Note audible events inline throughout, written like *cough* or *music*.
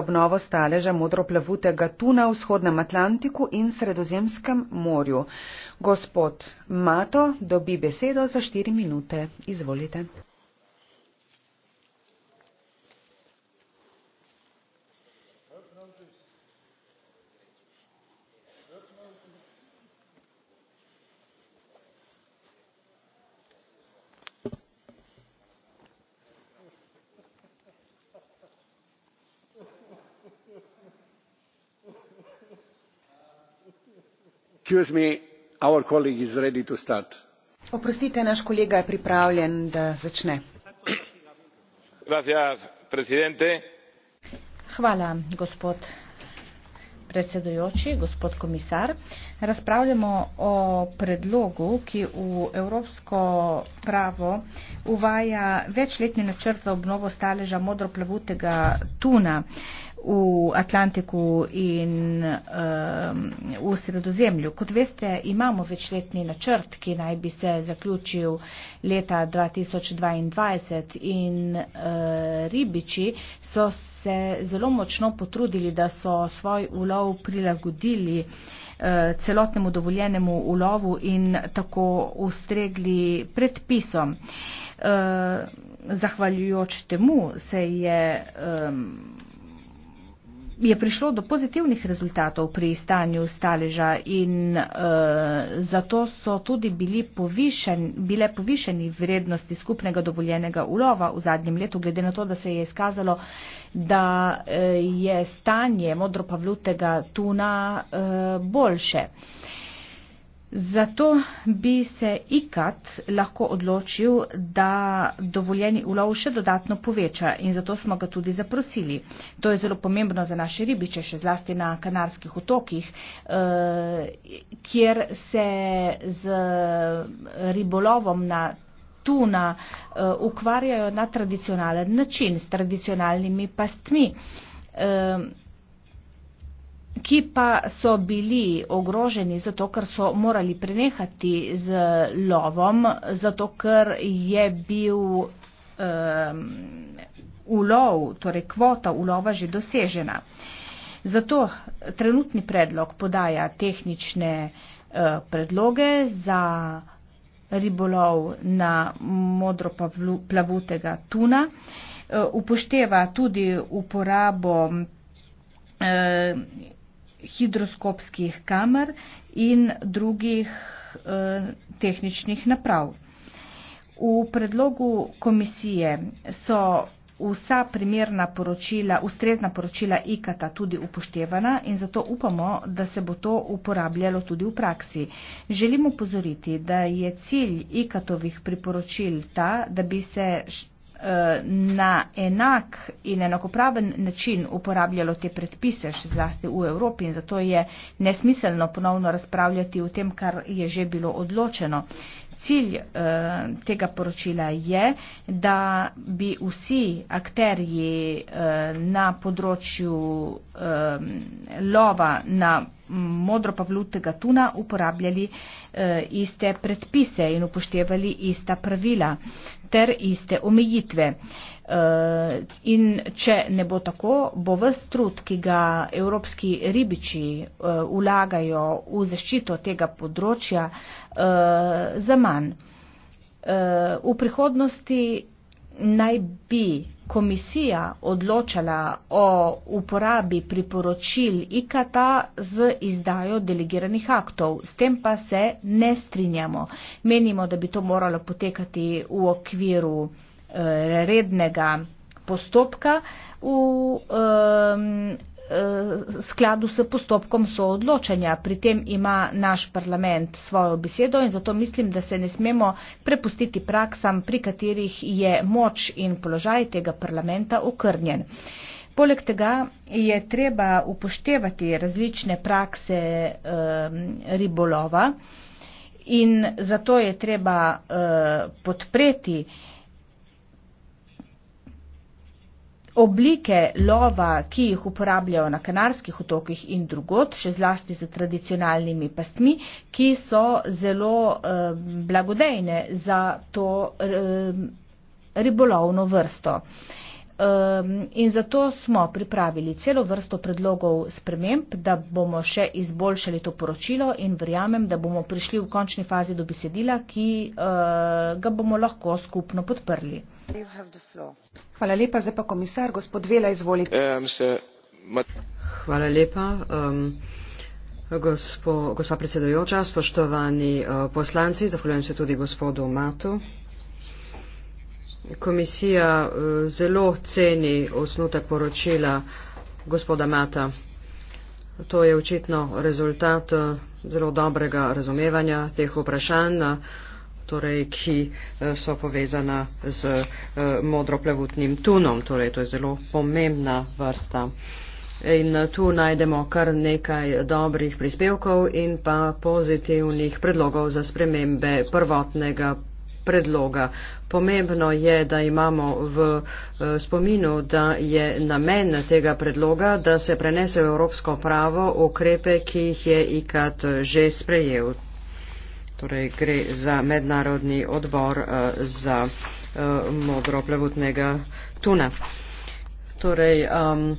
obnovo staleža modroplavutega tuna v vzhodnem Atlantiku in sredozemskem morju. Gospod Mato dobi besedo za štiri minute. Izvolite. oprostite naš kolega je pripravljen da začne. hvala gospod predsedujoči gospod komisar razpravljamo o predlogu ki v evropsko pravo uvaja večletni načrt za obnovo staleža modroplavutega tuna v Atlantiku in um, v sredozemlju. Kot veste, imamo večletni načrt, ki naj bi se zaključil leta 2022 in uh, ribiči so se zelo močno potrudili, da so svoj ulov prilagodili uh, celotnemu dovoljenemu ulovu in tako ustregli predpisom. Uh, zahvaljujoč temu se je um, je prišlo do pozitivnih rezultatov pri stanju staleža in uh, zato so tudi bili povišen, bile povišeni vrednosti skupnega dovoljenega ulova v zadnjem letu, glede na to, da se je izkazalo, da uh, je stanje modropavlutega tuna uh, boljše. Uh, Zato bi se IKAT lahko odločil, da dovoljeni ulov še dodatno poveča in zato smo ga tudi zaprosili. To je zelo pomembno za naše ribiče, še zlasti na kanarskih otokih, eh, kjer se z ribolovom na tuna eh, ukvarjajo na tradicionalen način, s tradicionalnimi pastmi. Eh, ki pa so bili ogroženi zato, ker so morali prenehati z lovom, zato, ker je bil um, ulov, torej kvota ulova že dosežena. Zato trenutni predlog podaja tehnične uh, predloge za ribolov na modro plavutega tuna. Eh, upošteva tudi uporabo eh, hidroskopskih kamer in drugih e, tehničnih naprav. V predlogu komisije so vsa primerna poročila, ustrezna poročila IKATA tudi upoštevana in zato upamo, da se bo to uporabljalo tudi v praksi. Želimo pozoriti, da je cilj IKATOVIH priporočil ta, da bi se Eh, na enak in enakopraven način uporabljalo te predpise, še zlasti v Evropi in zato je nesmiselno ponovno razpravljati o tem, kar je že bilo odločeno. Cilj eh, tega poročila je, da bi vsi akterji eh, na področju eh, lova na modro pavlutega tuna uporabljali eh, iste predpise in upoštevali ista pravila ter iste omejitve. Eh, in če ne bo tako, bo vse trud, ki ga evropski ribiči eh, ulagajo v zaščito tega področja, eh, za manj. Eh, v prihodnosti naj bi komisija odločala o uporabi priporočil IKTA z izdajo delegiranih aktov. S tem pa se ne strinjamo. Menimo, da bi to moralo potekati v okviru eh, rednega postopka v eh, Eh, skladu s postopkom soodločanja. Pri tem ima naš parlament svojo besedo in zato mislim, da se ne smemo prepustiti praksam, pri katerih je moč in položaj tega parlamenta okrnjen. Poleg tega je treba upoštevati različne prakse eh, ribolova in zato je treba eh, podpreti eh, Oblike lova, ki jih uporabljajo na Kanarskih otokih in drugot, še zlasti za tradicionalnimi pastmi, ki so zelo eh, blagodejne za to eh, ribolovno vrsto. Ehm, in zato smo pripravili celo vrsto predlogov sprememb, da bomo še izboljšali to poročilo in verjamem, da bomo prišli v končni fazi do besedila, ki uh, ga bomo lahko skupno podprli. Hvala lepa, zdaj pa komisar, gospod Vela, izvolite. Eh, Hvala lepa. Um, gospo, gospa predsedujoča, spoštovani uh, poslanci, zahvaljujem se tudi gospodu Matu. Komisija uh, zelo ceni osnutek poročila gospoda Mata. To je očitno rezultat uh, zelo dobrega razumevanja teh vprašanj. Uh, torej, ki eh, so povezana z eh, modroplevutnim tunom. Torej, to je zelo pomembna vrsta. In eh, tu najdemo kar nekaj dobrih prispevkov in pa pozitivnih predlogov za spremembe prvotnega predloga. Pomembno je, da imamo v spominu, da je namen tega predloga, da se prenese v evropsko pravo ukrepe, ki jih je IKAT že sprejel torej gre za mednarodni odbor eh, za eh, modro plevutnega tuna. Torej, um,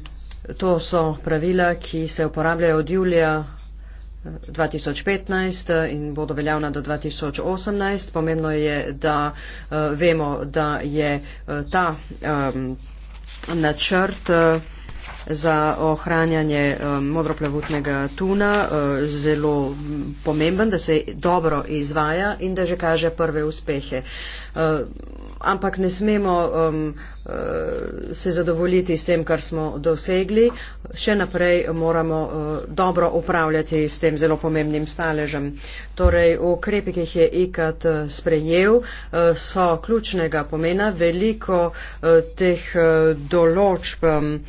to so pravila, ki se uporabljajo od julija 2015 eh, in bodo veljavna do 2018. Pomembno je, da uh, vemo, da je uh, ta um, načrt uh, za ohranjanje eh, modroplevutnega tuna eh, zelo pomemben, da se dobro izvaja in da že kaže prve uspehe. Eh, ampak ne smemo um, se zadovoljiti s tem, kar smo dosegli. Še naprej moramo uh, dobro upravljati s tem zelo pomembnim staležem. Torej, ukrepi, ki jih je IKAT sprejel, uh, so ključnega pomena. Veliko uh, teh uh, določb. Um,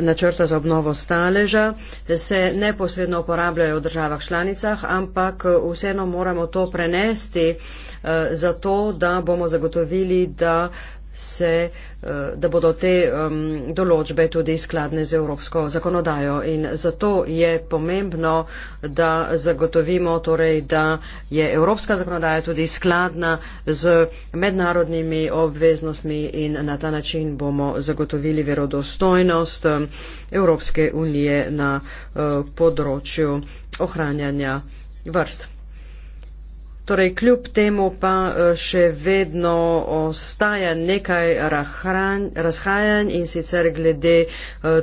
načrta za obnovo staleža se neposredno uporabljajo v državah članicah, ampak vseeno moramo to prenesti eh, zato, da bomo zagotovili, da se, eh, da bodo te določbe tudi skladne z evropsko zakonodajo. In zato je pomembno, da zagotovimo, torej, da je evropska zakonodaja tudi skladna z mednarodnimi obveznostmi in na ta način bomo zagotovili verodostojnost Evropske unije na eh, področju ohranjanja vrst. Torej, kljub temu pa eh, še vedno ostaja nekaj rahran, razhajanj in sicer glede eh,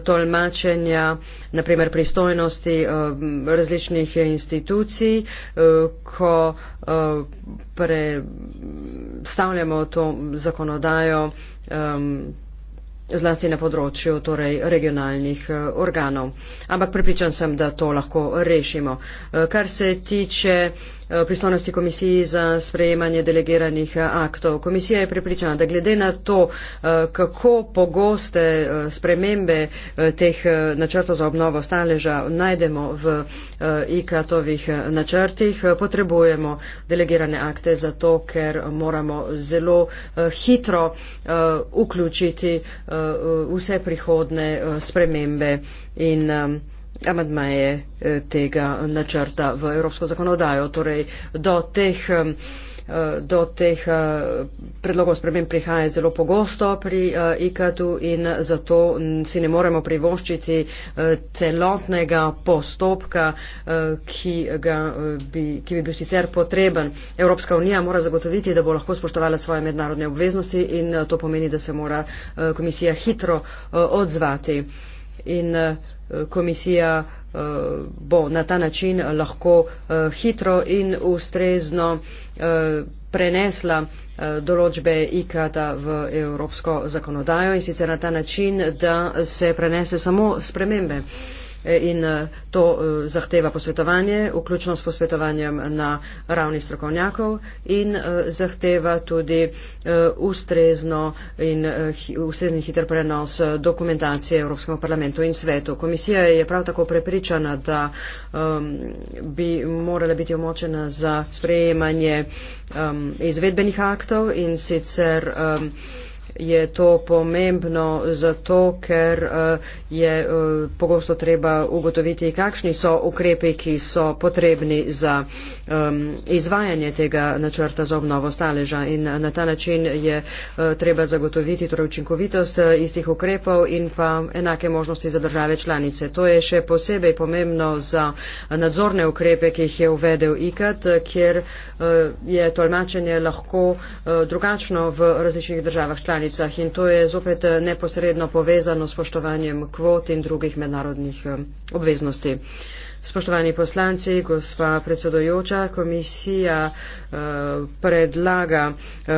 tolmačenja, naprimer pristojnosti eh, različnih institucij, ko predstavljamo to zakonodajo zlasti na področju torej, regionalnih organov. Ampak pripričan sem, da to lahko rešimo. Kar se tiče Eh, pristojnosti komisiji za sprejemanje delegiranih eh, aktov. Komisija je pripričana, da glede na to, eh, kako pogoste spremembe teh načrtov za obnovo staleža najdemo v IKAT-ovih načrtih, potrebujemo delegirane akte zato, ker moramo zelo hitro vključiti vse prihodne spremembe in um, amadmaje eh, tega načrta v evropsko zakonodajo. Torej, do teh, eh, do teh eh, predlogov spremen prihaja zelo pogosto pri IKAT-u in zato si ne moremo privoščiti celotnega postopka, ki, bi, ki bi bil sicer potreben. Evropska unija mora zagotoviti, da bo lahko spoštovala svoje mednarodne obveznosti in to pomeni, da se mora komisija hitro odzvati. In uh, komisija eh, bo na ta način lahko eh, hitro in ustrezno eh, prenesla določbe IKAT-a v evropsko zakonodajo in sicer na ta način, da se prenese samo spremembe in eh, to eh, zahteva posvetovanje, vključno s posvetovanjem na ravni strokovnjakov in eh, zahteva tudi ustrezno in ustrezni hiter prenos dokumentacije Evropskemu parlamentu in svetu. Komisija je prav tako prepričana, da ehm, bi morala biti omočena za sprejemanje ehm, izvedbenih aktov in sicer ehm, je to pomembno zato, ker eh, je eh, pogosto treba ugotoviti, kakšni so ukrepi, ki so potrebni za ehm, izvajanje tega načrta za obnovo staleža. In eh, na ta način je treba zagotoviti torej učinkovitost istih ukrepov in pa enake možnosti za države članice. To je še posebej pomembno za nadzorne ukrepe, ki jih je uvedel IKAT, kjer je tolmačenje lahko drugačno v različnih državah članic članicah in to je zopet eh, neposredno povezano s spoštovanjem kvot in drugih mednarodnih eh, obveznosti. Spoštovani poslanci, gospa predsedojoča, komisija eh, predlaga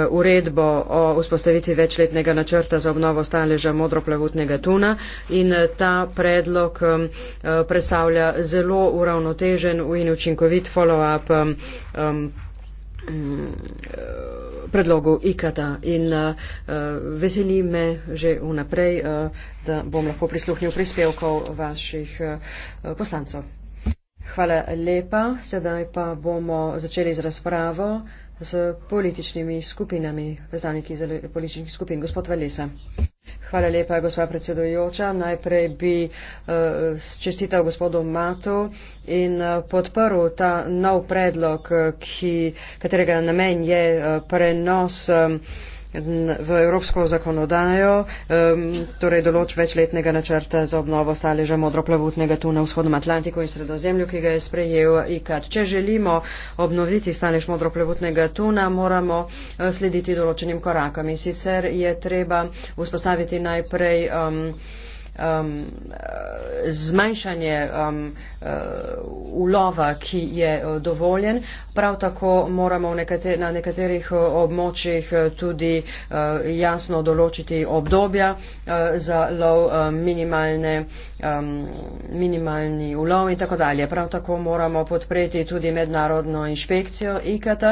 uredbo o vzpostavitvi večletnega načrta za obnovo staleža modroplavutnega tuna in ta predlog predstavlja zelo uravnotežen in učinkovit follow-up Eh, predlogov IKATA in uh, veseli me že vnaprej, uh, da bom lahko prisluhnil prispevkov vaših uh, poslancov. Hvala lepa. Sedaj pa bomo začeli z razpravo. Uh, z političnimi skupinami, predstavniki političnih skupin. Gospod Valesa. Hvala lepa, gospa predsedojoča. Najprej bi uh, čestital gospodu Matu in uh, eh, podporil ta nov predlog, eh, ki, katerega namen je uh, prenos. Uh, v evropsko zakonodajo, um, torej določ večletnega načrta za obnovo staleža modroplavutnega tuna v vzhodnem Atlantiku in sredozemlju, ki ga je sprejel IKAD. Če želimo obnoviti stalež modroplavutnega tuna, moramo eh, slediti določenim korakom in sicer je treba vzpostaviti najprej um, um, zmanjšanje um, uh, ulova, ki je uh, dovoljen. Prav tako moramo nekater, na nekaterih uh, območjih tudi uh, jasno določiti obdobja uh, za lov um, um, minimalni ulov in tako dalje. Prav tako moramo podpreti tudi mednarodno inšpekcijo IKT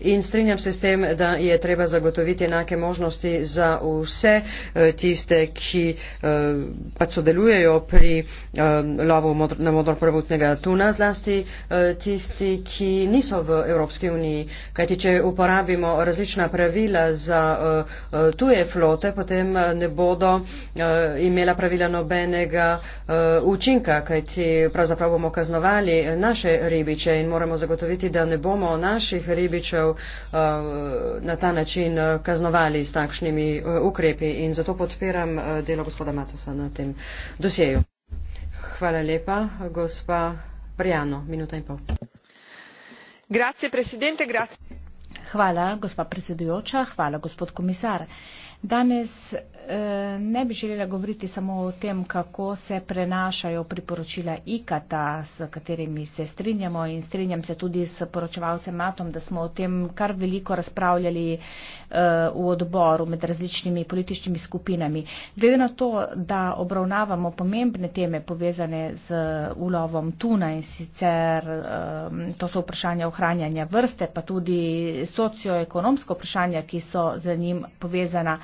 in strinjam se s tem, da je treba zagotoviti enake možnosti za vse uh, tiste, ki uh, pač sodelujejo pri uh, lovu modr, na modroprevutnega tuna, zlasti uh, tisti, ki niso v Evropski uniji. Kajti, če uporabimo različna pravila za uh, tuje flote, potem ne bodo uh, imela pravila nobenega uh, učinka, kajti pravzaprav bomo kaznovali naše ribiče in moramo zagotoviti, da ne bomo naših ribičev uh, na ta način kaznovali s takšnimi uh, ukrepi. In zato podpiram uh, delo gospoda Matosa na to tem dosjeju. Hvala lepa, gospa Prijano, minuta in pol. Grazie, hvala, gospa predsedujoča, hvala, gospod komisar. Uh, Danes eh, ne bi želela govoriti samo o tem, kako se prenašajo priporočila IKATA, s katerimi se strinjamo in strinjam se tudi s poročevalcem Matom, da smo o tem kar veliko razpravljali eh, v odboru med različnimi političnimi skupinami. Glede na to, da obravnavamo pomembne teme povezane z ulovom tuna in sicer eh, to so vprašanja ohranjanja vrste, pa tudi socioekonomsko vprašanja, ki so za njim povezana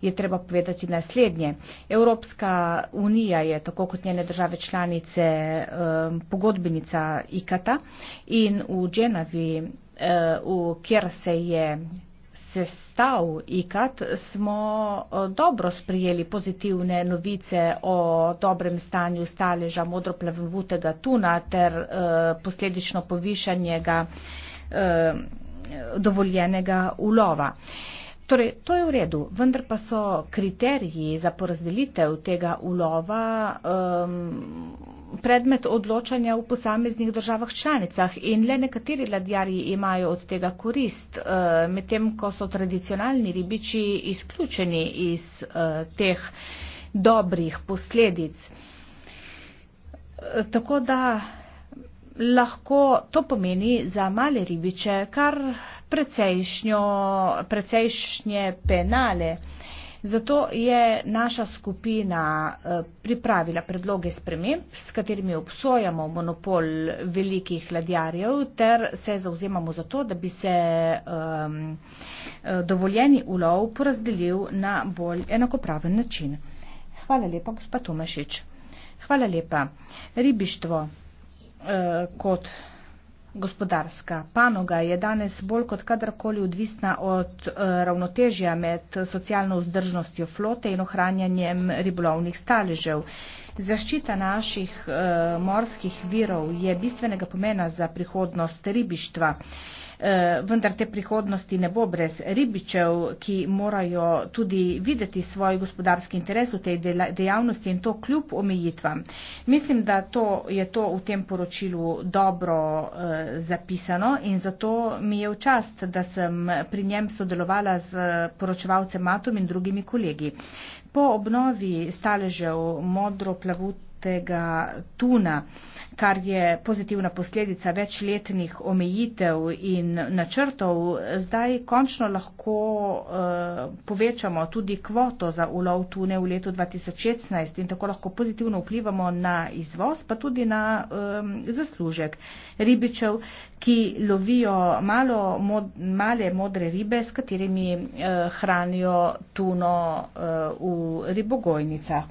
je treba povedati naslednje. Evropska unija je, tako kot njene države članice, um, pogodbenica IKATA in v Dženavi, uh, kjer se je sestav IKAT, smo uh, dobro sprijeli pozitivne novice o dobrem stanju staleža modroplavnutega tuna ter uh, posledično povišanjega dovoljenega ulova. Torej, to je v redu, vendar pa so kriteriji za porazdelitev tega ulova um, predmet odločanja v posameznih državah članicah in le nekateri ladjarji imajo od tega korist, uh, medtem ko so tradicionalni ribiči izključeni iz uh, teh dobrih posledic. Tako da lahko to pomeni za male ribiče kar precejšnje penale. Zato je naša skupina eh, pripravila predloge sprememb, s katerimi obsojamo monopol velikih ladjarjev ter se zauzemamo za to, da bi se um, dovoljeni ulov porazdelil na bolj enakopraven način. Hvala lepa, gospod Tomašič. Hvala lepa. Ribištvo uh, kot. Gospodarska panoga je danes bolj kot kadarkoli odvisna od eh, ravnotežja med socialno vzdržnostjo flote in ohranjanjem ribolovnih staležev. Zaščita naših eh, morskih virov je bistvenega pomena za prihodnost ribištva. Eh, vendar te prihodnosti ne bo brez ribičev, ki morajo tudi videti svoj gospodarski interes v tej dejavnosti in to kljub omejitvam. Mislim, da to je to v tem poročilu dobro eh, zapisano in zato mi je v čast, da sem pri njem sodelovala z poročevalcem Matom in drugimi kolegi. Po obnovi staležev modro plavutega tuna, kar je pozitivna posledica večletnih omejitev in načrtov, zdaj končno lahko eh, povečamo tudi kvoto za ulov tune v letu 2016 in tako lahko pozitivno vplivamo na izvoz, pa tudi na eh, zaslužek ribičev, ki lovijo malo, male modre ribe, s katerimi eh, hranijo tuno v ribogojnicah.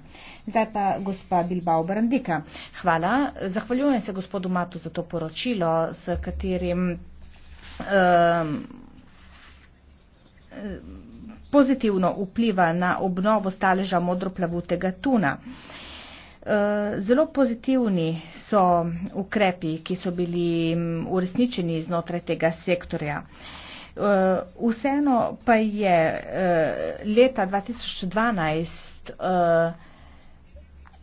Zdaj pa gospa Bilbao Brandika. Hvala. Zahvaljujem se gospodu Matu za to poročilo, s katerim um, pozitivno vpliva na obnovo staleža modroplavutega tuna. Ehm, zelo pozitivni so ukrepi, ki so bili uresničeni znotraj tega sektorja. Ehm, vseeno pa je leta 2012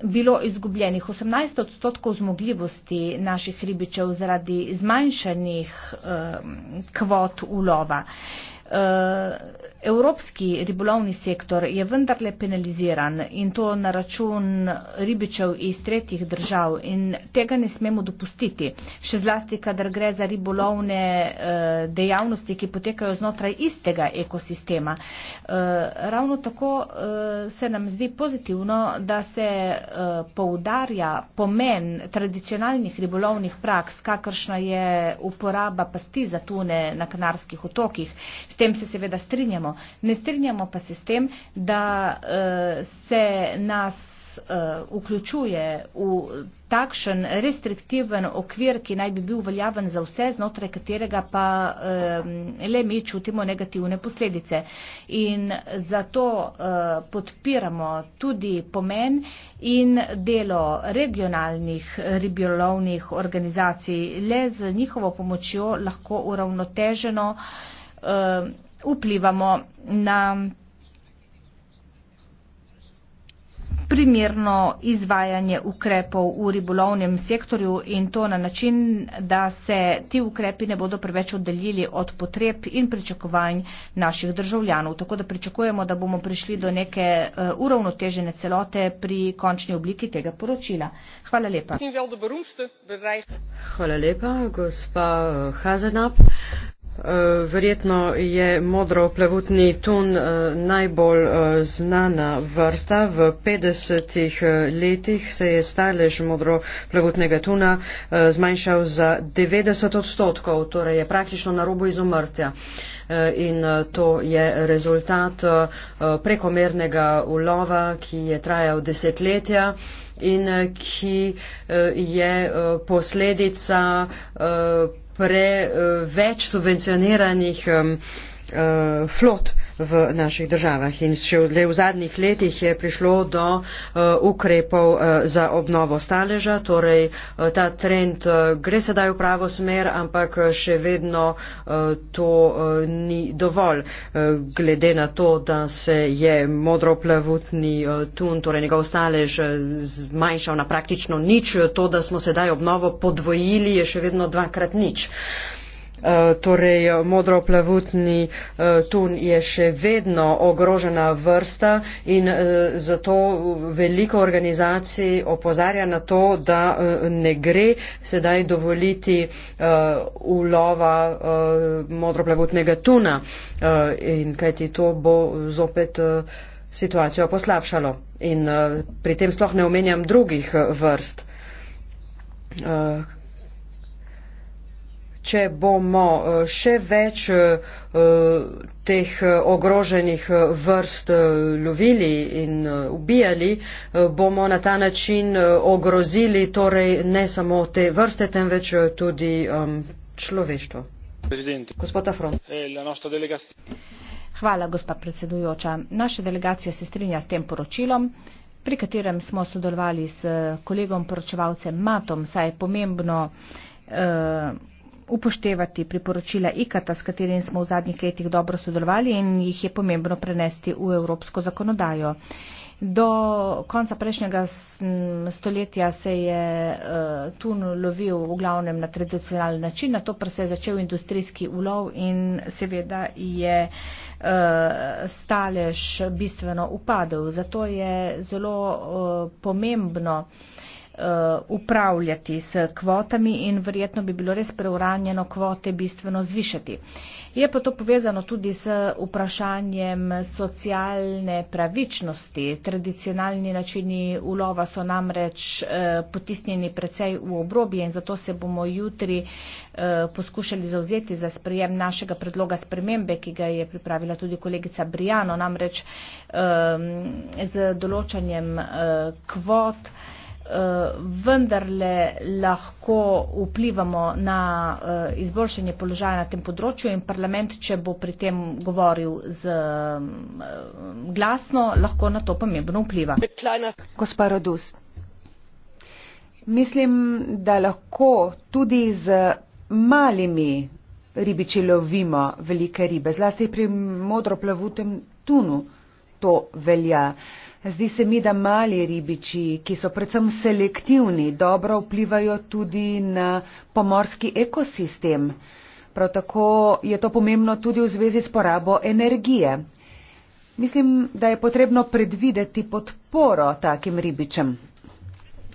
bilo izgubljenih 18 odstotkov zmogljivosti naših ribičev zaradi zmanjšanih eh, kvot ulova. Eh, Eh, evropski ribolovni sektor je vendarle penaliziran in to na račun ribičev iz tretjih držav in tega ne smemo dopustiti. Še zlasti, kadar gre za ribolovne eh, dejavnosti, ki potekajo znotraj istega ekosistema. Eh, ravno tako se nam zdi pozitivno, da se poudarja pomen tradicionalnih ribolovnih praks, kakršna je uporaba pasti za tune na Kanarskih otokih tem se seveda strinjamo. Ne strinjamo pa se s tem, da eh, se nas eh, vključuje v takšen restriktiven okvir, ki naj bi bil veljaven za vse, znotraj katerega pa eh, le mi čutimo negativne posledice. In zato podpiramo tudi pomen in delo regionalnih ribjolovnih organizacij. Le z njihovo pomočjo lahko uravnoteženo uh, vplivamo na primerno izvajanje ukrepov v ribolovnem sektorju in to na način, da se ti ukrepi ne bodo preveč oddaljili od potreb in pričakovanj naših državljanov. Tako da pričakujemo, da bomo prišli do neke eh, uravnotežene celote pri končni obliki tega poročila. Hvala lepa. Hvala lepa, gospa Hazenap. Eh, verjetno je modroplevutni tun eh, najbolj eh, znana vrsta. V 50 letih se je stalež modroplevutnega tuna zmanjšal za 90 odstotkov, torej je praktično na robu izumrtja. In to je rezultat prekomernega ulova, ki je trajal desetletja in ki je posledica preveč subvencioniranih eh, flot v naših državah. In še le v zadnjih letih je prišlo do eh, ukrepov eh, za obnovo staleža, torej eh, ta trend gre sedaj v pravo smer, ampak še vedno to ni dovolj. Glede na to, da se je modroplavutni tun, torej njegov stalež zmanjšal na praktično nič, to, da smo sedaj obnovo podvojili, je še vedno dvakrat nič. Eh, torej eh, modroplavutni eh, tun je še vedno ogrožena vrsta in zato veliko organizacij opozarja na to, da ne gre sedaj dovoliti ulova modroplavutnega tuna in kajti to bo zopet situacijo poslabšalo. In pri tem sploh ne omenjam drugih vrst. Uh, če bomo eh, še več eh, eh, teh ogroženih vrst lovili in ubijali, bomo na ta način ogrozili torej ne samo te vrste, temveč tudi človeštvo. Gospod Afron. Hvala, gospa predsedujoča. Naša delegacija se strinja s tem poročilom pri katerem smo sodelovali s kolegom poročevalcem Matom, saj je pomembno eh, upoštevati priporočila IKATA, s katerimi smo v zadnjih letih dobro sodelovali in jih je pomembno prenesti v evropsko zakonodajo. Do konca prejšnjega stoletja se je uh, tun lovil v glavnem na tradicionalni način, na to pa se je začel industrijski ulov in seveda je uh, stalež bistveno upadel. Zato je zelo uh, pomembno uh, Eh, upravljati s kvotami in verjetno bi bilo res preuranjeno kvote bistveno zvišati. Je pa to povezano tudi s vprašanjem socialne pravičnosti. Tradicionalni načini ulova so namreč eh, potisnjeni precej v obrobje in zato se bomo jutri eh, poskušali zauzeti za sprejem našega predloga spremembe, ki ga je pripravila tudi kolegica Brijano, namreč z določanjem kvot. Eh, vendarle lahko vplivamo na eh, izboljšanje položaja na tem področju in parlament, če bo pri tem govoril z eh, glasno, lahko na to pomembno vpliva. Gospa Rodus, mislim, da lahko tudi z malimi ribiči lovimo velike ribe, zlasti pri modroplavutem tunu to velja. Uh, Zdi se mi, da mali ribiči, ki so predvsem selektivni, dobro vplivajo tudi na pomorski ekosistem. Prav tako je to pomembno tudi v zvezi s porabo energije. Mislim, da je potrebno predvideti podporo takim ribičem.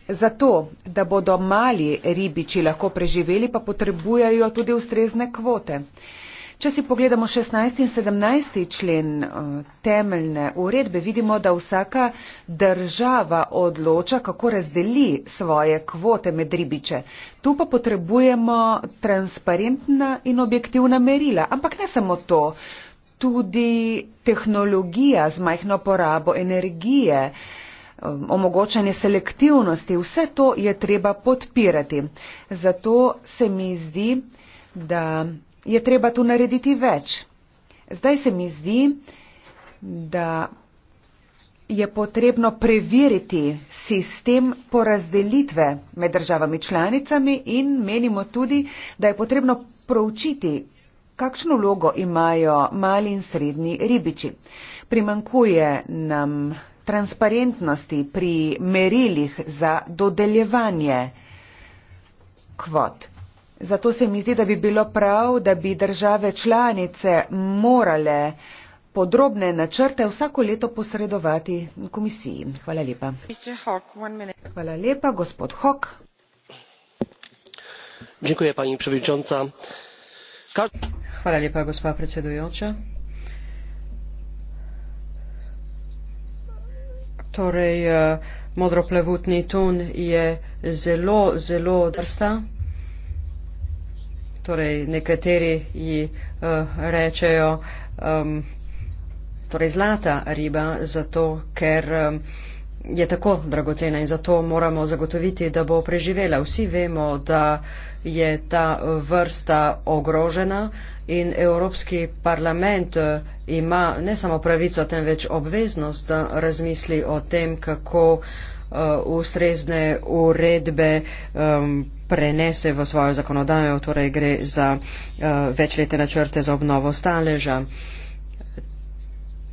Zato, da bodo mali ribiči lahko preživeli, pa potrebujajo tudi ustrezne kvote. Če si pogledamo 16. in 17. člen eh, temeljne uredbe, vidimo, da vsaka država odloča, kako razdeli svoje kvote med ribiče. Tu pa potrebujemo transparentna in objektivna merila. Ampak ne samo to. Tudi tehnologija z majhno porabo energije, eh, omogočanje selektivnosti, vse to je treba podpirati. Zato se mi zdi, da je treba tu narediti več. Zdaj se mi zdi, da je potrebno preveriti sistem porazdelitve med državami članicami in menimo tudi, da je potrebno proučiti, kakšno vlogo imajo mali in srednji ribiči. Primankuje nam transparentnosti pri merilih za dodeljevanje kvot. Zato se mi zdi, da bi bilo prav, da bi države članice morale podrobne načrte vsako leto posredovati komisiji. Hvala lepa. Hawk, Hvala lepa, gospod Hock. Dziękuję, pani przewodnicząca. Ka Hvala lepa, gospa predsedujoča. Torej, eh, modroplevutni tun je zelo, zelo drsta torej nekateri ji uh, rečejo um, torej zlata riba, zato ker um, je tako dragocena in zato moramo zagotoviti, da bo preživela. Vsi vemo, da je ta vrsta ogrožena in Evropski parlament eh, ima ne samo pravico, temveč obveznost, da razmisli o tem, kako uh, ustrezne uredbe um, prenese v svojo zakonodajo, torej gre za uh, eh, večlete načrte za obnovo staleža.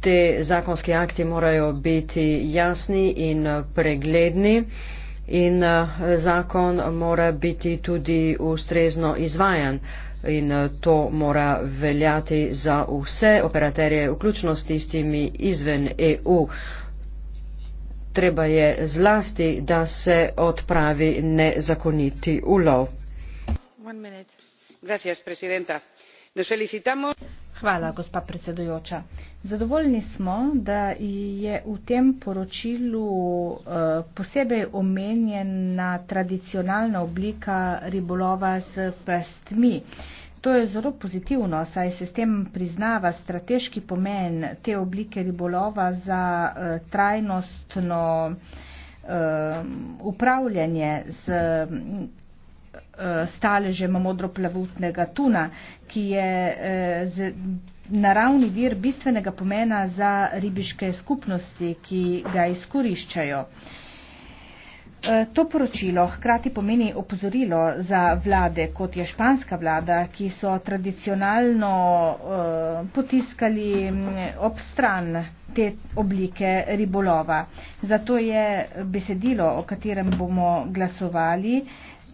Te zakonski akti morajo biti jasni in eh, pregledni in uh, zakon mora biti tudi ustrezno izvajan in uh, to mora veljati za vse operaterje, vključno s tistimi izven EU. Uh, treba je zlasti, da se odpravi nezakoniti ulov. Hvala, gospa predsedujoča. Zadovoljni smo, da je v tem poročilu eh, posebej omenjena tradicionalna oblika ribolova z pestmi. To je zelo pozitivno, saj se s tem priznava strateški pomen te oblike ribolova za uh, trajnostno uh, upravljanje z uh, staležem modroplavutnega tuna, ki je uh, z, naravni vir bistvenega pomena za ribiške skupnosti, ki ga izkoriščajo. Uh, Eh, to poročilo hkrati pomeni opozorilo za vlade, kot je španska vlada, ki so tradicionalno eh, potiskali mm, ob stran te oblike ribolova. Zato je besedilo, o katerem bomo glasovali,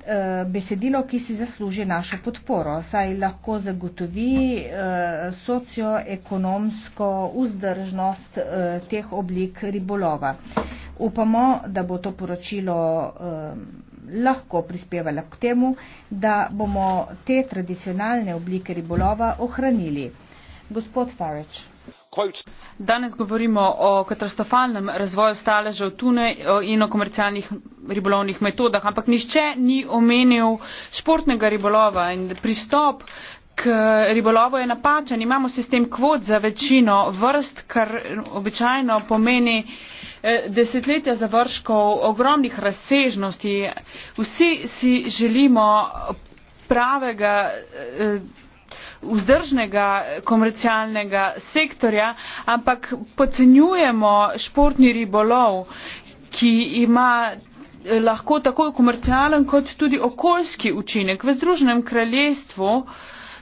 Eh, besedilo, ki si zasluži našo podporo, saj lahko zagotovi eh, socioekonomsko vzdržnost eh, teh oblik ribolova. Upamo, da bo to poročilo lahko prispevalo k temu, da bomo te tradicionalne oblike ribolova ohranili. Gospod Farage danes govorimo o katastrofalnem razvoju staležev tune in o komercialnih ribolovnih metodah ampak nihče ni omenil športnega ribolova in pristop k ribolovu je napačen imamo sistem kvot za večino vrst kar običajno pomeni e, desetletja završkov ogromnih razsežnosti vsi si želimo pravega e, vzdržnega komercialnega sektorja ampak podcenjujemo športni ribolov ki ima eh, lahko tako komercialen kot tudi okoljski učinek. v združenem kraljestvu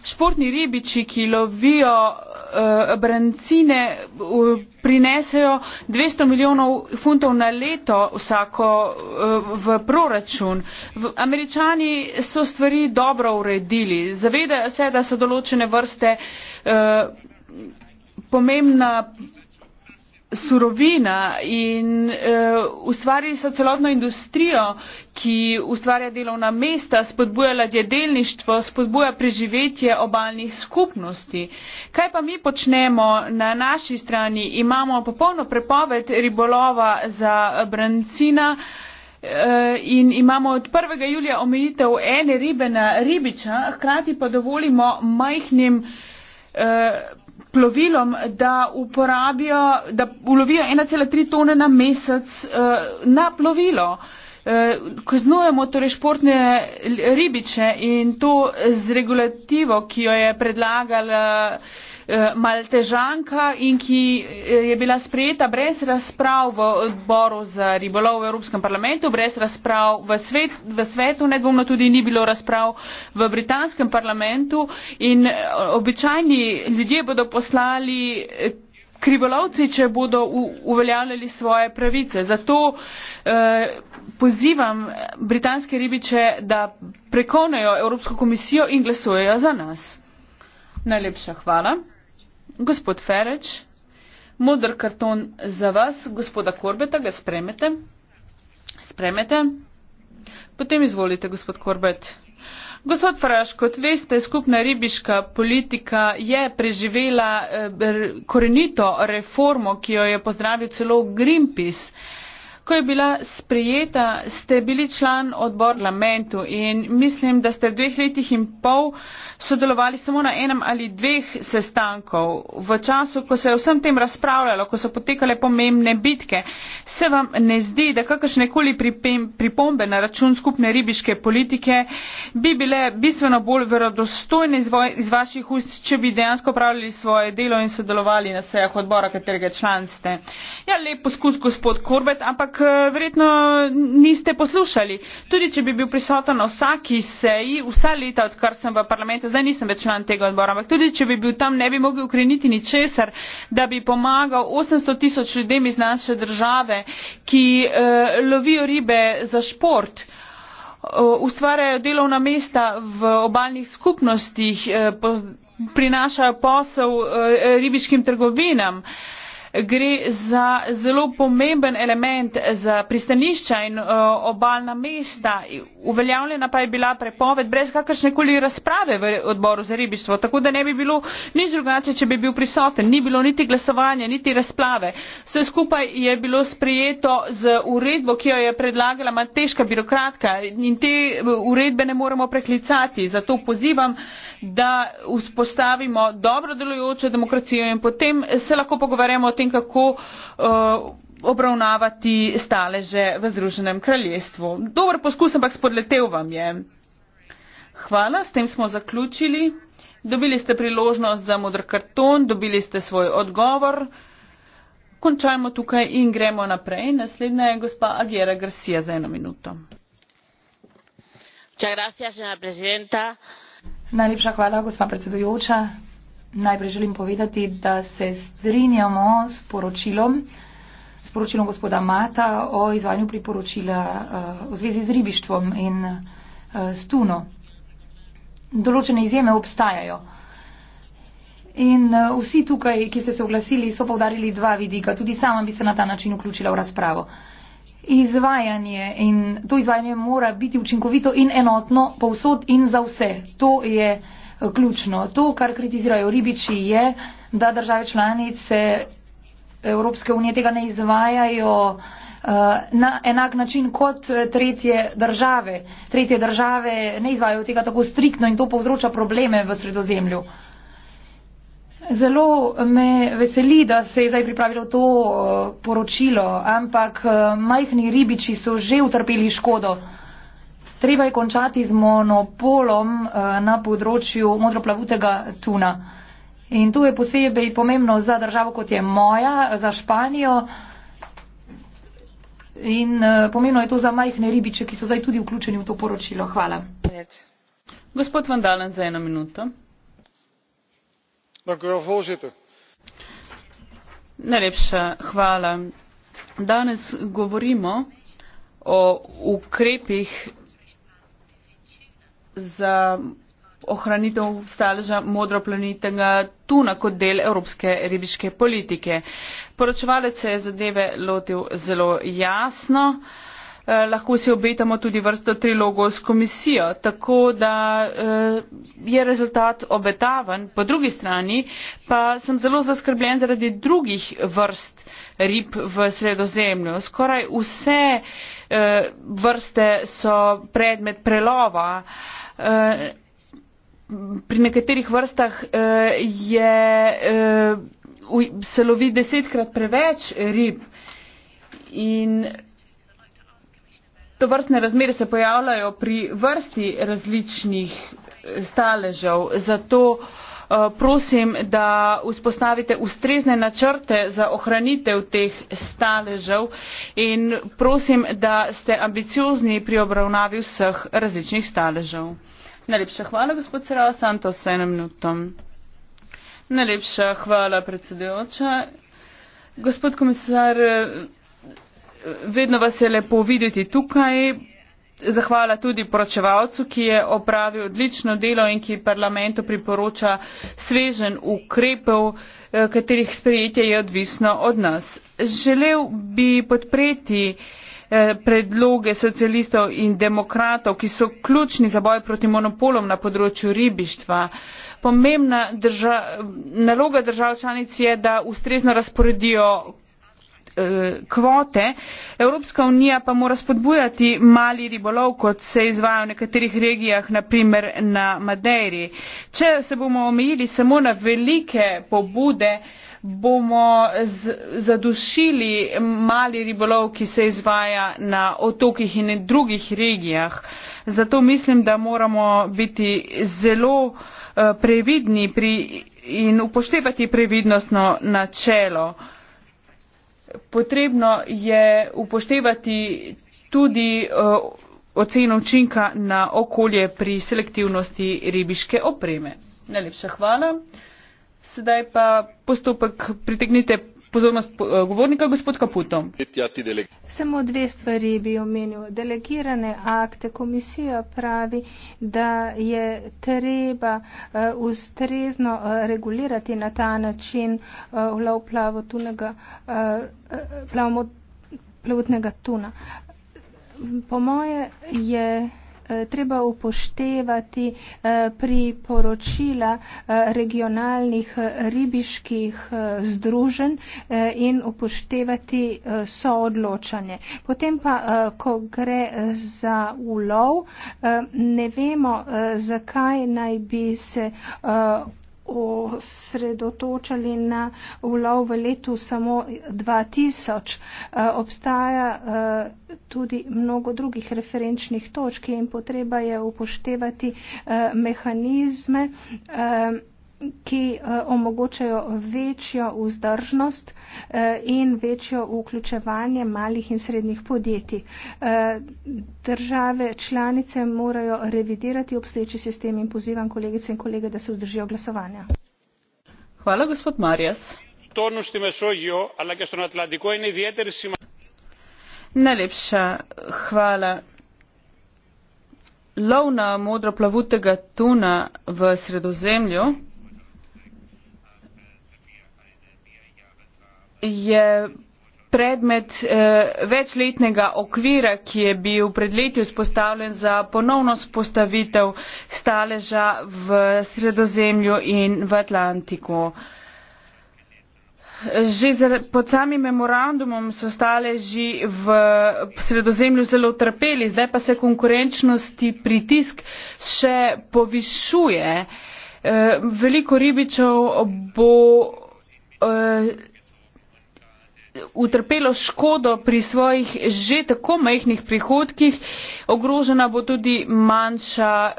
športni ribiči, ki lovijo uh, brancine, uh, prinesejo 200 milijonov funtov na leto vsako uh, v proračun. V, američani so stvari dobro uredili. Zavedajo se, da so določene vrste uh, pomembna surovina in uh, ustvarili so celotno industrijo, ki ustvarja delovna mesta, spodbuja ladjedelništvo, spodbuja preživetje obalnih skupnosti. Kaj pa mi počnemo na naši strani? Imamo popolno prepoved ribolova za brancina eh, in imamo od 1. julija omejitev ene ribe na ribiča, hkrati pa dovolimo majhnim eh, plovilom, da uporabijo, da ulovijo 1,3 tone na mesec uh, na plovilo. Uh, Kaznujemo torej športne ribiče in to z regulativo, ki jo je predlagala. Uh, Eh, maltežanka in ki eh, je bila sprejeta brez razprav v odboru za ribolov v Evropskem parlamentu, brez razprav v, svet, v svetu, nedvomno tudi ni bilo razprav v Britanskem parlamentu in eh, običajni ljudje bodo poslali krivolovci, če bodo uveljavljali svoje pravice. Zato pozivam britanske ribiče, da prekonajo Evropsko komisijo in glasujejo za nas. Najlepša hvala. Gospod Ferreč, modr karton za vas, gospoda Korbeta, ga spremete? Spremete? Potem izvolite, gospod Korbet. Gospod Faraš, kot veste, skupna ribiška politika je preživela eh, korenito reformo, ki jo je pozdravil celo Greenpeace. Ko je bila sprijeta, ste bili član odbor lamentu in mislim, da ste v dveh letih in pol sodelovali samo na enem ali dveh sestankov. V času, ko se je vsem tem razpravljalo, ko so potekale pomembne bitke, se vam ne zdi, da kakršnekoli pripombe na račun skupne ribiške politike bi bile bistveno bolj verodostojne iz vaših ust, če bi dejansko pravljali svoje delo in sodelovali na sejah odbora, katerega član ste. Ja, lep poskus, gospod Korbet, ampak ampak eh, verjetno niste poslušali. Tudi če bi bil prisoten na vsaki seji, vsa leta, odkar sem v parlamentu, zdaj nisem več član tega odbora, ampak tudi če bi bil tam, ne bi mogel ukreniti ničesar, da bi pomagal 800 tisoč ljudem iz naše države, ki eh, lovijo ribe za šport eh, ustvarjajo delovna mesta v obaljnih skupnostih, eh, prinašajo posel ribiškim trgovinam gre za zelo pomemben element za pristanišča in e, obalna mesta uveljavljena pa je bila prepoved brez kakršnekoli razprave v odboru za ribištvo tako da ne bi bilo nič drugače če bi bil prisoten ni bilo niti glasovanja niti razprave vse skupaj je bilo sprejeto z uredbo ki jo je predlagala mateška birokratka in te e, uredbe ne moremo preklicati zato pozivam da vzpostavimo dobro delujočo demokracijo in potem se lahko pogovarjamo o tem, kako eh, obravnavati staleže v Združenem kraljestvu. Dobro poskus, ampak spodletel vam je. Hvala, s tem smo zaključili. Dobili ste priložnost za modr karton, dobili ste svoj odgovor. Končajmo tukaj in gremo naprej. Naslednja je gospa Agera Garcia za eno minuto. Muchas gracias, señora presidenta. Najlepša hvala, gospa predsedujoča. Najprej želim povedati, da se strinjamo s poročilom, s poročilom gospoda Mata o izvanju priporočila eh, v zvezi z ribištvom in eh, s tuno. Določene izjeme obstajajo. In eh, vsi tukaj, ki ste se oglasili, so povdarili dva vidika. Tudi sama bi se na ta način vključila v razpravo izvajanje in to izvajanje mora biti učinkovito in enotno povsod in za vse. To je eh, ključno. To, kar kritizirajo ribiči, je, da države članice Evropske unije tega ne izvajajo eh, na enak način kot eh, tretje države. Tretje države ne izvajajo tega tako striktno in to povzroča probleme v sredozemlju. Zelo me veseli, da se je zdaj pripravilo to eh, poročilo, ampak eh, majhni ribiči so že utrpeli škodo. Treba je končati z monopolom eh, na področju modroplavutega tuna. In to je posebej pomembno za državo, kot je moja, za Španijo. In pomembno je to za majhne ribiče, ki so zdaj tudi vključeni v to poročilo. Hvala. Gospod Vandalen, za eno minuto danes govorimo o ukrepih za ohranitev staleža modroplemenitega tuna kot del evropske ribiške politike. poročevalec se je zadeve lotil zelo jasno. Eh, lahko si obetamo tudi vrsto trilogov s komisijo tako da eh, je rezultat obetaven po drugi strani pa sem zelo zaskrbljen zaradi drugih vrst rib v sredozemlju skoraj vse eh, vrste so predmet prelova pri nekaterih vrstah je se lovi desetkrat preveč rib in To vrstne razmere se pojavljajo pri vrsti različnih eh, staležev. Zato eh, prosim, da vzpostavite ustrezne načrte za ohranitev teh staležev in prosim, da ste ambiciozni pri obravnavi vseh različnih staležev. Najlepša hvala, gospod Sera Santos, s enem minutom. Najlepša hvala, predsedujoča. Gospod komisar. Eh, vedno vas je lepo videti tukaj. Zahvala tudi poročevalcu, ki je opravil odlično delo in ki parlamentu priporoča svežen ukrepov, eh, katerih sprejetje je odvisno od nas. Želel bi podpreti eh, predloge socialistov in demokratov, ki so ključni za boj proti monopolom na področju ribištva. Pomembna drža, naloga držav članic je, da ustrezno razporedijo Eh, kvote. Evropska unija pa mora spodbujati mali ribolov, kot se izvaja v nekaterih regijah, naprimer na Madeiri. Če se bomo omejili samo na velike pobude, bomo z, zadušili mali ribolov, ki se izvaja na otokih in drugih regijah. Zato mislim, da moramo biti zelo uh, previdni pri, in upoštevati previdnostno načelo. Uh, potrebno je upoštevati tudi eh, oceno učinka na okolje pri selektivnosti ribiške opreme. Najlepša hvala. Sedaj pa postopek pritegnite pozornost eh, govornika, gospod Kaputo. Samo dve stvari bi omenil. Delegirane akte komisija pravi, da je treba eh, ustrezno eh, regulirati na ta način vlov plavotunega, plavotnega tuna. Po moje je. Eh, treba upoštevati eh, pri poročila eh, regionalnih ribiških združenj in upoštevati soodločanje. Potem pa, ko gre za ulov, ne vemo, zakaj naj bi se osredotočali na ulov v letu samo 2000. Eh, obstaja eh, tudi mnogo drugih referenčnih točk in potreba je upoštevati eh, mehanizme ki eh, omogočajo večjo vzdržnost eh, in večjo vključevanje malih in srednjih podjetij. Eh, države članice morajo revidirati obstoječi sistem in pozivam kolegice in kolege, da se vzdržijo glasovanja. Hvala, gospod Marjas. Najlepša hvala. Lov na modro plavutega tuna v sredozemlju. je predmet eh, večletnega okvira, ki je bil pred leti vzpostavljen za ponovno spostavitev staleža v sredozemlju in v Atlantiku. Že pod samim memorandumom so staleži v sredozemlju zelo trpeli, zdaj pa se konkurenčnosti pritisk še povišuje. Eh, veliko ribičev bo. Eh, utrpelo škodo pri svojih že tako majhnih prihodkih, ogrožena bo tudi manjša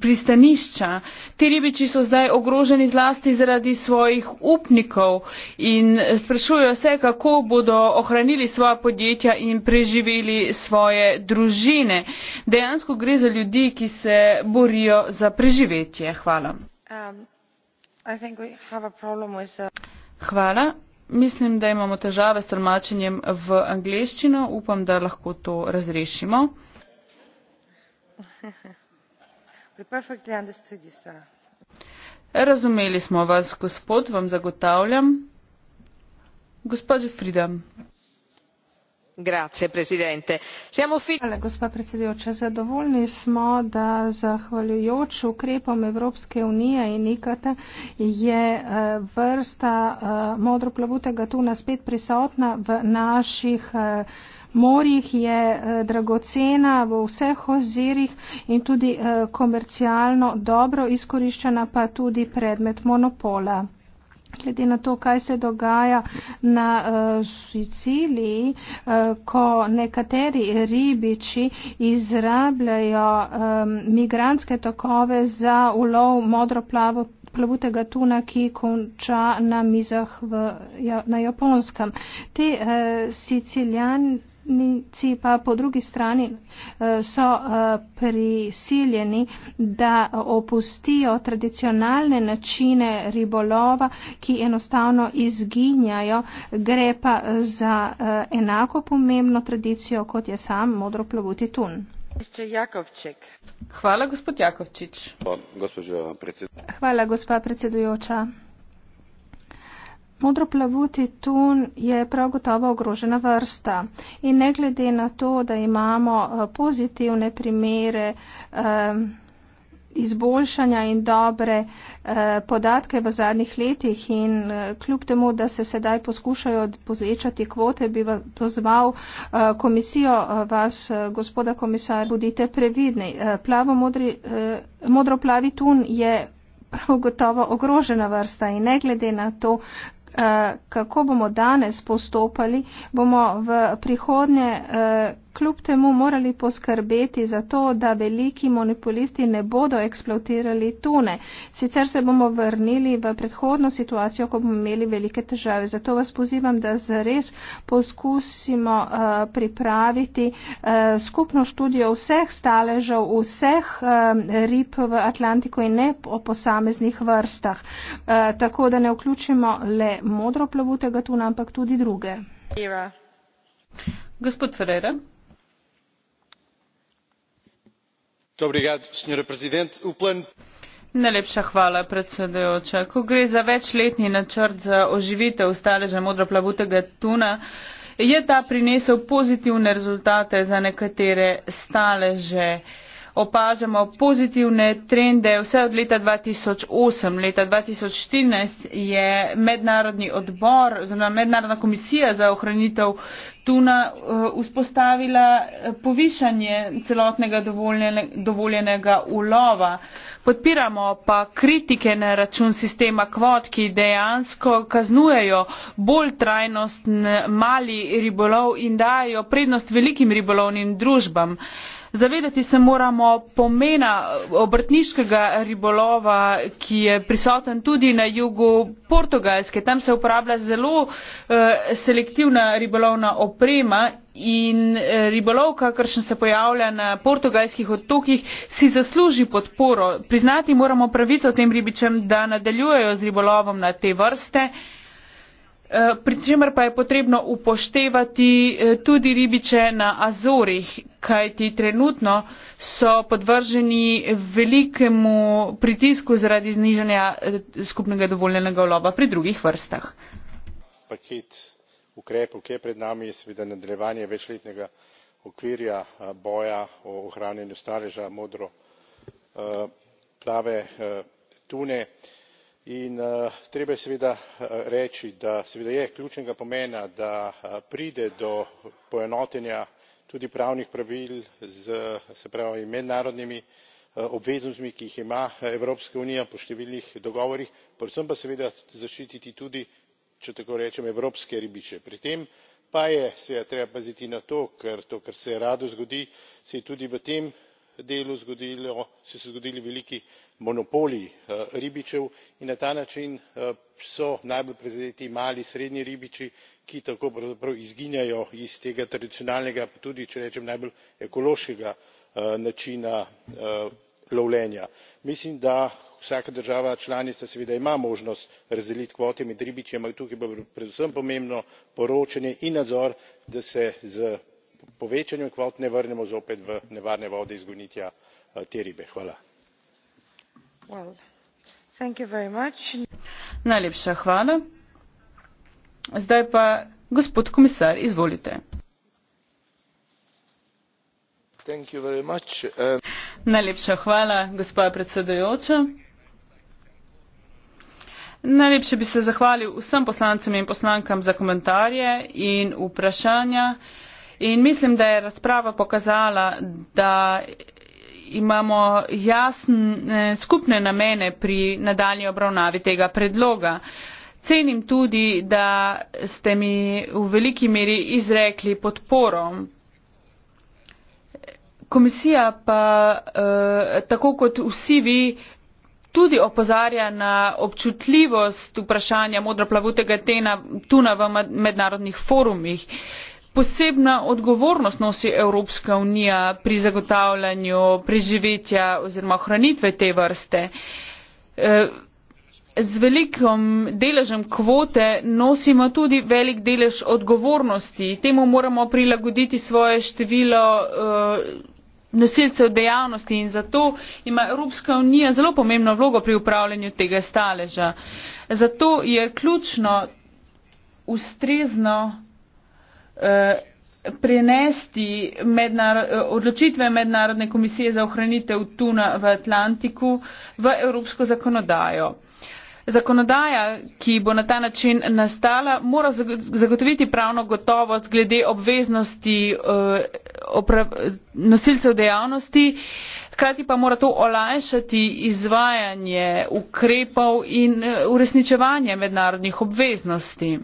pristanišča. Ti ribiči so zdaj ogroženi zlasti zaradi svojih upnikov in sprašujejo se, kako bodo ohranili svoja podjetja in preživeli svoje družine. Dejansko gre za ljudi, ki se borijo za preživetje. Hvala. Um, uh, Hvala mislim, da imamo težave s tolmačenjem v angleščino. Upam, da lahko to razrešimo. *laughs* Razumeli smo vas, gospod, vam zagotavljam. Gospod Frida gospa predsedujoča zadovoljni smo da zahvaljujoč ukrepom evropske unije in ikt je eh, vrsta eh, modroplavutega tuna spet prisotna v naših eh, morjih je dragocena v vseh ozirih in tudi komercialno dobro izkoriščena pa tudi predmet monopola glede na to, kaj se dogaja na uh, Siciliji, uh, ko nekateri ribiči izrabljajo um, ehm, migranske tokove za ulov modroplavo plavutega tuna, ki konča na mizah v, ja, na Japonskem. Te uh, Siciljani. Zavarovalnici pa po drugi strani eh, so eh, prisiljeni, da opustijo tradicionalne načine ribolova, ki enostavno izginjajo, gre pa za eh, enako pomembno tradicijo, kot je sam modro plovuti tun. Hvala, gospod Jakovčič. Hvala, gospa predsedujoča. Modroplavuti tun je prav gotovo ogrožena vrsta in ne glede na to, da imamo eh, pozitivne primere eh, izboljšanja in dobre eh, podatke v zadnjih letih in kljub temu, da se sedaj poskušajo povečati kvote, bi vas pozval komisijo, vas, gospoda komisar, budite previdni. Plavo modri, modroplavi tun je. Prav gotovo ogrožena vrsta in ne glede na to, Eh, kako bomo danes postopali, bomo v prihodnje, uh, kljub temu morali poskrbeti za to, da veliki monopolisti ne bodo eksploatirali tune. Sicer se bomo vrnili v predhodno situacijo, ko bomo imeli velike težave. Zato vas pozivam, da zares poskusimo uh, pripraviti uh, skupno študijo vseh staležev, vseh uh, rib v Atlantiku in ne o posameznih vrstah. Uh, tako da ne vključimo le modroplavutega tuna, ampak tudi druge. Era. Gospod Ferreira. najlepša hvala predsedujoča. ko gre za večletni načrt za oživitev staleža modroplavutega tuna je ta prinesel pozitivne rezultate za nekatere staleže opažamo pozitivne trende vse od leta 2008. Leta 2014 je mednarodni odbor oziroma mednarodna komisija za ohranitev tuna eh, vzpostavila eh, povišanje celotnega dovoljenega ulova. Podpiramo pa kritike na račun sistema kvot, ki dejansko kaznujejo bolj trajnostni mali ribolov in dajo prednost velikim ribolovnim družbam zavedati se moramo pomena eh, obrtniškega ribolova ki je prisoten tudi na jugu portugalske tam se uporablja zelo eh, selektivna ribolovna oprema in eh, ribolov kakršen se pojavlja na portugalskih otokih si zasluži podporo priznati moramo pravico tem ribičem da nadaljujejo z ribolovom na te vrste Eh, pri čemer pa je potrebno upoštevati eh, tudi ribiče na Azorih, kajti trenutno so podvrženi velikemu pritisku zaradi znižanja eh, skupnega dovoljenega lova pri drugih vrstah. paket ukrepov, ki je pred nami, je seveda nadaljevanje večletnega okvirja boja o ohranjanju staleža modro plave tune in eh, treba je seveda eh, reči da seveda je ključnega pomena da eh, pride do poenotenja tudi pravnih pravil s se pravi mednarodnimi obveznostmi ki jih ima evropska unija po številnih dogovorih predvsem pa seveda zaščititi tudi če tako rečem evropske ribiče. pri tem pa je seveda treba paziti na to ker to kar se rado zgodi se je tudi v tem delu so se zgodili veliki monopoli eh, ribičev in na ta način eh, so najbolj prizadeti mali srednji ribiči ki tako pravzaprav izginjajo iz tega tradicionalnega pa tudi če rečem najbolj ekološkega eh, načina lovljenja. mislim da vsaka država članica seveda ima možnost razdeliti kvote med ribiči ampak tukaj bo predvsem pomembno poročanje in nadzor da se s povečanju kvot ne vrnemo zopet v nevarne vode izgonitja eh, te ribe. Eh. najlepša hvala gospa predsedujoča najlepše bi se zahvalil vsem poslancem in poslankam za komentarje in vprašanja. In mislim, da je razprava pokazala, da imamo jasne skupne namene pri nadaljni obravnavi tega predloga. Cenim tudi, da ste mi v veliki meri izrekli podporo. Komisija pa eh, tako kot vsi vi tudi opozarja na občutljivost vprašanja modroplavutega tena tuna v mednarodnih forumih posebna odgovornost nosi evropska unija pri zagotavljanju preživetja oziroma ohranitve te vrste. E, z velikim deležem kvote nosimo tudi velik delež odgovornosti. Temu moramo prilagoditi svoje število uh, nosilcev dejavnosti in zato ima Evropska unija zelo pomembno vlogo pri upravljanju tega staleža. Zato je ključno ustrezno Eh, prenesti eh, odločitve Mednarodne komisije za ohranitev tuna v Atlantiku v evropsko zakonodajo. Zakonodaja, ki bo na ta način nastala, mora zagotoviti pravno gotovost glede obveznosti eh, nosilcev dejavnosti, hkrati pa mora to olajšati izvajanje ukrepov in uresničevanje mednarodnih obveznosti.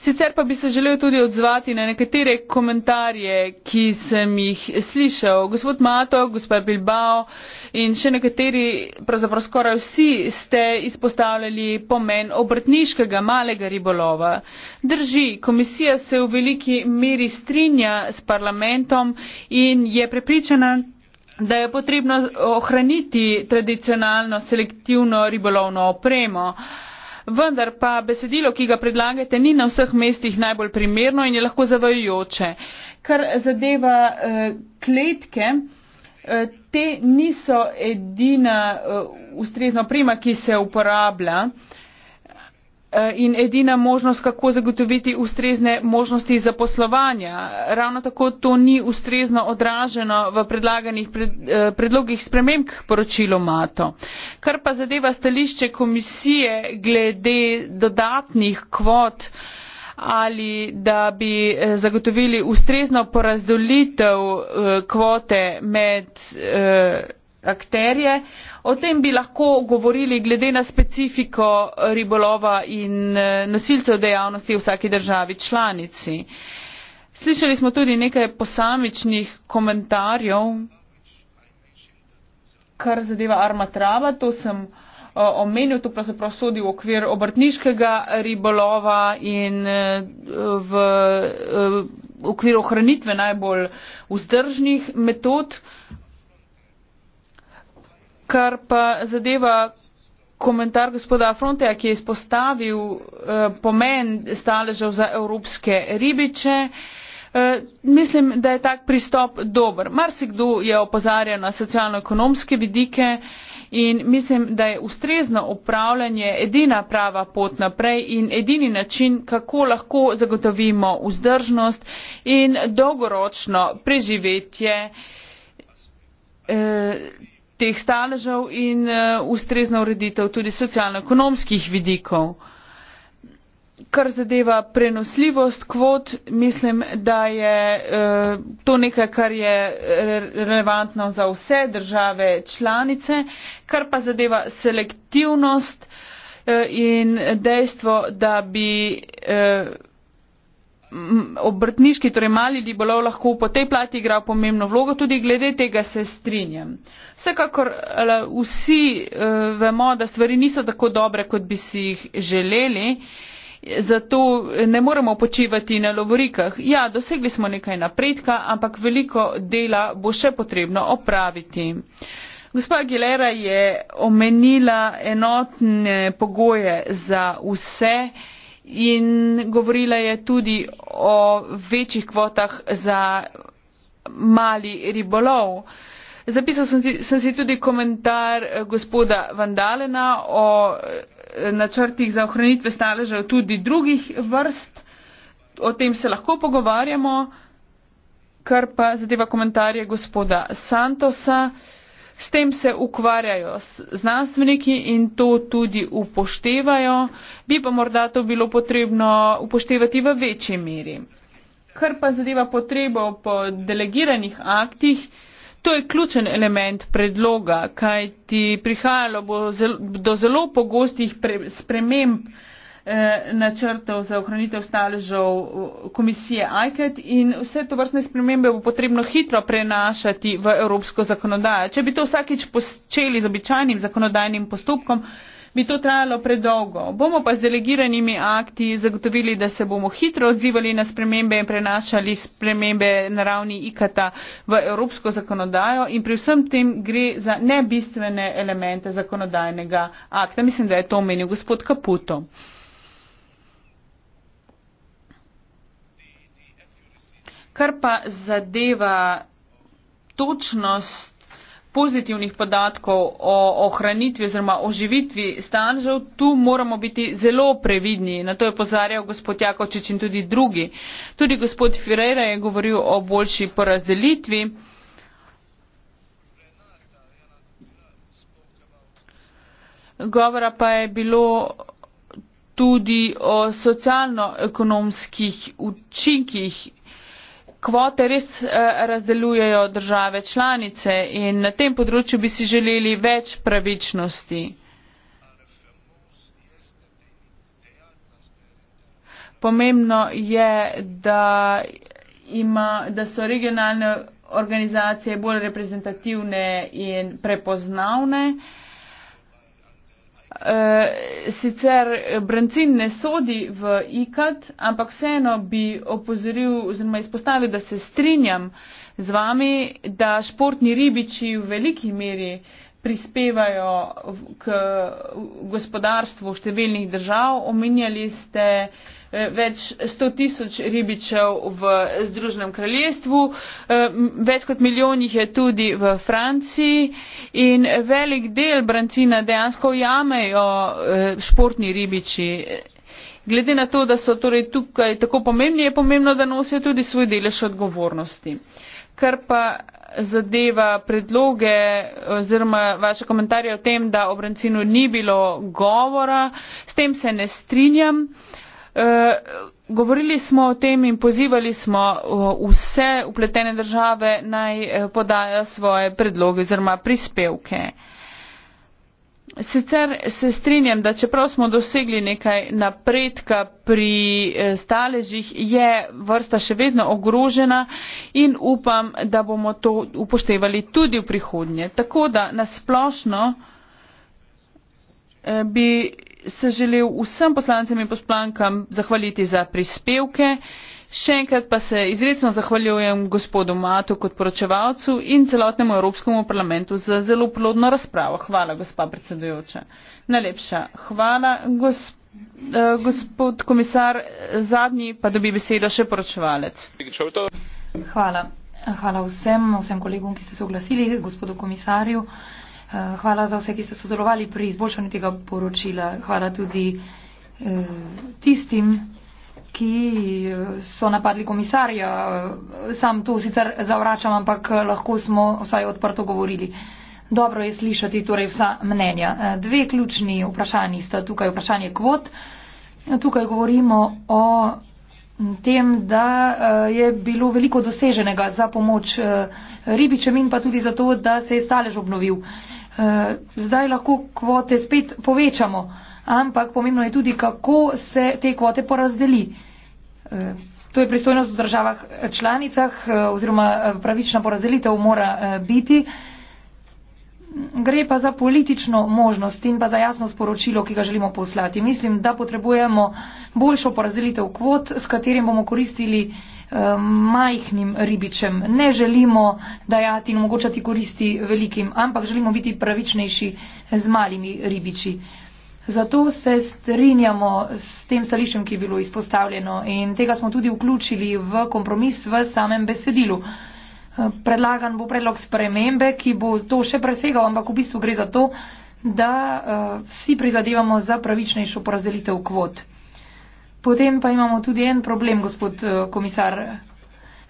Sicer pa bi se želel tudi odzvati na nekatere komentarje, ki sem jih slišal. Gospod Mato, gospa Bilbao in še nekateri, pravzaprav skoraj vsi ste izpostavljali pomen obrtniškega malega ribolova. Drži, komisija se v veliki meri strinja s parlamentom in je prepričana, da je potrebno ohraniti tradicionalno selektivno ribolovno opremo vendar pa besedilo ki ga predlagate ni na vseh mestih najbolj primerno in je lahko zavajujoče kar zadeva eh, kletke eh, Te niso edina uh, ustrezna oprema, ki se uporablja. Uh, Eh, in edina možnost kako zagotoviti ustrezne možnosti zaposlovanja ravno tako to ni ustrezno odraženo v predlaganih eh, predlogih sprememb k poročilu mato kar pa zadeva stališče komisije glede dodatnih kvot ali da bi eh, zagotovili ustrezno porazdelitev kvote med akterje. O tem bi lahko govorili glede na specifiko ribolova in eh, nosilcev dejavnosti v vsaki državi članici. Slišali smo tudi nekaj posamičnih komentarjev, kar zadeva armatrava, to sem eh, omenil, to pravzaprav sodi v okvir obrtniškega ribolova in eh, v, v okvir ohranitve najbolj vzdržnih metod, Kar pa zadeva komentar gospoda Fronteja, ki je izpostavil eh, pomen staležev za evropske ribiče, eh, mislim, da je tak pristop dober. Marsikdo je opozarjal na socialno-ekonomske vidike in mislim, da je ustrezno upravljanje edina prava pot naprej in edini način, kako lahko zagotovimo vzdržnost in dolgoročno preživetje. Eh, teh staležev in eh, ustrezna ureditev tudi socialno-ekonomskih vidikov. Kar zadeva prenosljivost kvot, mislim, da je eh, to nekaj, kar je relevantno za vse države članice, kar pa zadeva selektivnost eh, in dejstvo, da bi obrtniški torej mali ribolov lahko po tej plati igra pomembno vlogo tudi glede tega se strinjam. Vsekakor eh, vsi eh, vemo, da stvari niso tako dobre, kot bi si jih želeli, zato ne moremo počivati na lovorikah. Ja, dosegli smo nekaj napredka, ampak veliko dela bo še potrebno opraviti. Gospa Aguilera je omenila enotne pogoje za vse, in govorila je tudi o večjih kvotah za mali ribolov. Zapisal sem si tudi komentar eh, gospoda Vandalena o eh, načrtih za ohranitve staležev tudi drugih vrst. O tem se lahko pogovarjamo, kar pa zadeva komentarje gospoda Santosa. S tem se ukvarjajo znanstveniki in to tudi upoštevajo, bi pa morda to bilo potrebno upoštevati v večji meri. Kar pa zadeva potrebo po delegiranih aktih, to je ključen element predloga, kaj ti prihajalo bo zelo, do zelo pogostih pre, sprememb Eh, načrtov za ohranitev staležev komisije ICAT in vse to vrstne spremembe bo potrebno hitro prenašati v evropsko zakonodajo. Če bi to vsakič počeli z običajnim zakonodajnim postopkom, bi to trajalo predolgo. Bomo pa z delegiranimi akti zagotovili, da se bomo hitro odzivali na spremembe in prenašali spremembe na ravni ICAT-a v evropsko zakonodajo in pri vsem tem gre za nebistvene elemente zakonodajnega akta. Mislim, da je to omenil gospod Kaputo. kar pa zadeva točnost pozitivnih podatkov o ohranitvi oziroma oživitvi stanžev, tu moramo biti zelo previdni. Na to je pozarjal gospod Jakočič in tudi drugi. Tudi gospod Ferreira je govoril o boljši porazdelitvi. Govora pa je bilo tudi o socialno-ekonomskih učinkih kvote res eh, razdeljujejo države članice in na tem področju bi si želeli več pravičnosti. Pomembno je, da, ima, da so regionalne organizacije bolj reprezentativne in prepoznavne. Uh, Eh, sicer Brancin ne sodi v IKAT, ampak vseeno bi opozoril oziroma izpostavil, da se strinjam z vami, da športni ribiči v veliki meri uh, prispevajo k gospodarstvu številnih držav. Omenjali ste eh, več sto tisoč ribičev v Združenem kraljestvu, eh, več kot milijon jih je tudi v Franciji in velik del brancina dejansko jamejo eh, športni ribiči. Glede na to, da so torej tukaj tako pomembni, je pomembno, da nosijo tudi svoj delež odgovornosti. Kar pa zadeva predloge oziroma vaše komentarje o tem, da o Brancinu ni bilo govora, s tem se ne strinjam. Eh, govorili smo o tem in pozivali smo eh, vse upletene države naj eh, podajo svoje predloge oziroma prispevke. Sicer se strinjam, da čeprav smo dosegli nekaj napredka pri eh, staležih, je vrsta še vedno ogrožena in upam, da bomo to upoštevali tudi v prihodnje. Tako da nasplošno eh, bi se želel vsem poslancem in poslankam zahvaliti za prispevke. Še enkrat pa se izredno zahvaljujem gospodu Matu kot poročevalcu in celotnemu Evropskemu parlamentu za zelo plodno razpravo. Hvala, gospa predsedujoča. Najlepša hvala, gos, eh, gospod komisar. Zadnji pa dobi besedo še poročevalec. Hvala. Hvala vsem, vsem kolegom, ki ste se oglasili, gospodu komisarju. Eh, hvala za vse, ki ste sodelovali pri izboljšanju tega poročila. Hvala tudi eh, tistim, ki so napadli komisarja. Sam to sicer zavračam, ampak eh, lahko smo vsaj odprto govorili. Dobro je slišati torej vsa mnenja. Eh, dve ključni vprašanji sta tukaj vprašanje kvot. Tukaj govorimo o tem, da eh, je bilo veliko doseženega za pomoč ribičem in pa tudi za to, da se je stalež obnovil. Zdaj lahko kvote spet povečamo ampak pomembno je tudi, kako se te kvote porazdeli. E, to je pristojnost v državah e, članicah e, oziroma pravična porazdelitev mora biti. Gre pa za politično možnost in pa za jasno sporočilo, ki ga želimo poslati. Mislim, da potrebujemo boljšo porazdelitev kvot, s katerim bomo koristili majhnim ribičem. Ne želimo dajati in omogočati koristi velikim, ampak želimo biti pravičnejši z malimi ribiči. Zato se strinjamo s tem stališčem, ki je bilo izpostavljeno in tega smo tudi vključili v kompromis v samem besedilu. Predlagan bo predlog spremembe, ki bo to še presegal, ampak v bistvu gre za to, da vsi eh, prizadevamo za pravičnejšo porazdelitev kvot. Potem pa imamo tudi en problem, gospod eh, komisar.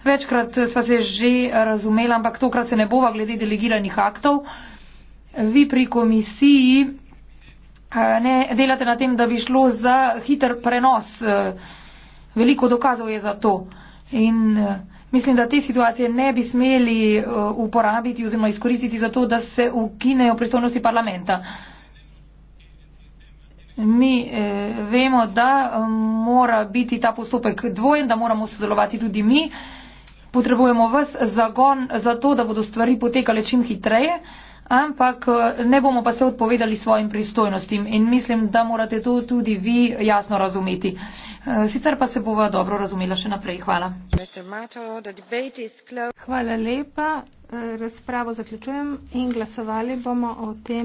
Večkrat eh, sva se že razumela, ampak tokrat se ne bova glede delegiranih aktov. Vi pri komisiji Eh, ne delate na tem, da bi šlo za hiter prenos. Eh, veliko dokazov je za to. In eh, mislim, da te situacije ne bi smeli uporabiti oziroma izkoristiti za to, da se ukinejo pristojnosti parlamenta. Mi eh, vemo, da mora biti ta postopek dvojen, da moramo sodelovati tudi mi. Potrebujemo vas zagon za to, da bodo stvari potekale čim hitreje. Eh, ampak eh, ne bomo pa se odpovedali svojim pristojnostim in mislim, da morate to tudi vi jasno razumeti. Eh, sicer pa se bova dobro razumela še naprej. Hvala. Hvala lepa. Eh, razpravo zaključujem in glasovali bomo o tem.